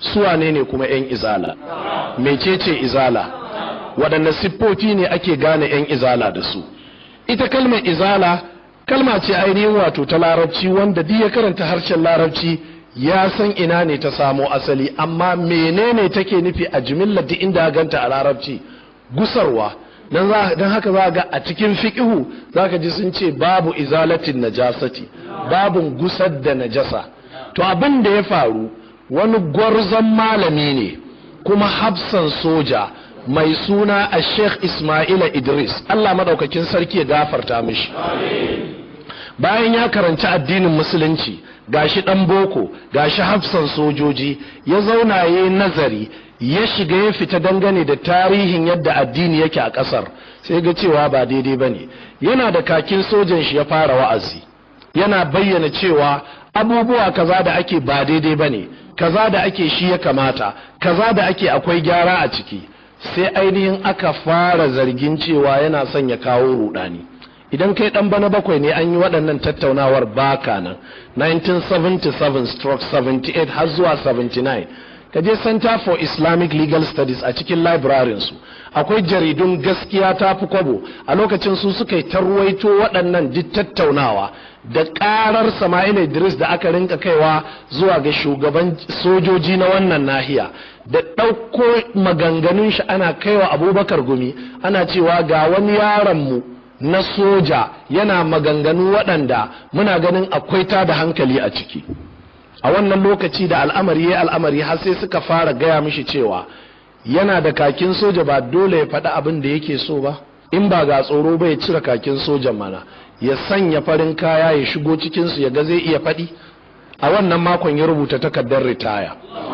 Su ne kuma 'yan izala mecece izala waɗanne siffofi ne ake gane 'yan izala da su ita kalmar izala kalma ce ainihin wato ta larabci wanda duk ya karanta harshen larabci ya san ina ne ta samo asali amma menene take nufi a jimillar duk inda ganta a larabci gusarwa don haka za ga a cikin fiƙihu za ka ji sun ce babu izalatin najasati babun gusar da najasa to abin da ya faru wani gwarzon malami ne kuma hafsan soja mai suna a sheikh ismaila idris allah madaukakin sarki ya gafarta mishi bayan ya karanci addinin musulunci gashi ɗan boko gashi hafsan sojoji ya zauna ya yi nazari ya shiga ya fita dangane da tarihin yadda addini yake a ƙasar. sai ga cewa ba daidai ba ne yana da kakin sojan shi ya fara wa'azi yana bayyana cewa abubuwa kaza da ake ba daidai ba ne kaza da ake shi ya kamata kaza da ake akwai gyara a ciki sai ainihin aka fara zargin cewa yana son ya kawo rudani idan kai dan bana bakwai ne an yi waɗannan tattaunawar baka nan 1977 stroke 78 har zuwa 79 ka je center for islamic legal studies a cikin su akwai jaridun gaskiya ta fi kwabo a lokacin su suka yi tarwaito waɗannan duk tattaunawa da ƙarar sama'il idris da aka rinka kaiwa zuwa ga shugaban sojoji na wannan nahiya da ɗauko maganganun shi ana kaiwa abubakar gumi ana cewa ga wani yaronmu na soja yana maganganu waɗanda muna ganin akwai ta da hankali a ciki a wannan lokaci da al'amari ya al'amari har sai suka fara gaya mishi cewa yana da kakin soja ba dole ya faɗi abin da yake so ba in ba ga tsoro ba ya cire kakin sojan mana ya sanya farin kaya ya shigo cikinsu ya ga zai iya faɗi a wannan makon ya rubuta takardar ritaya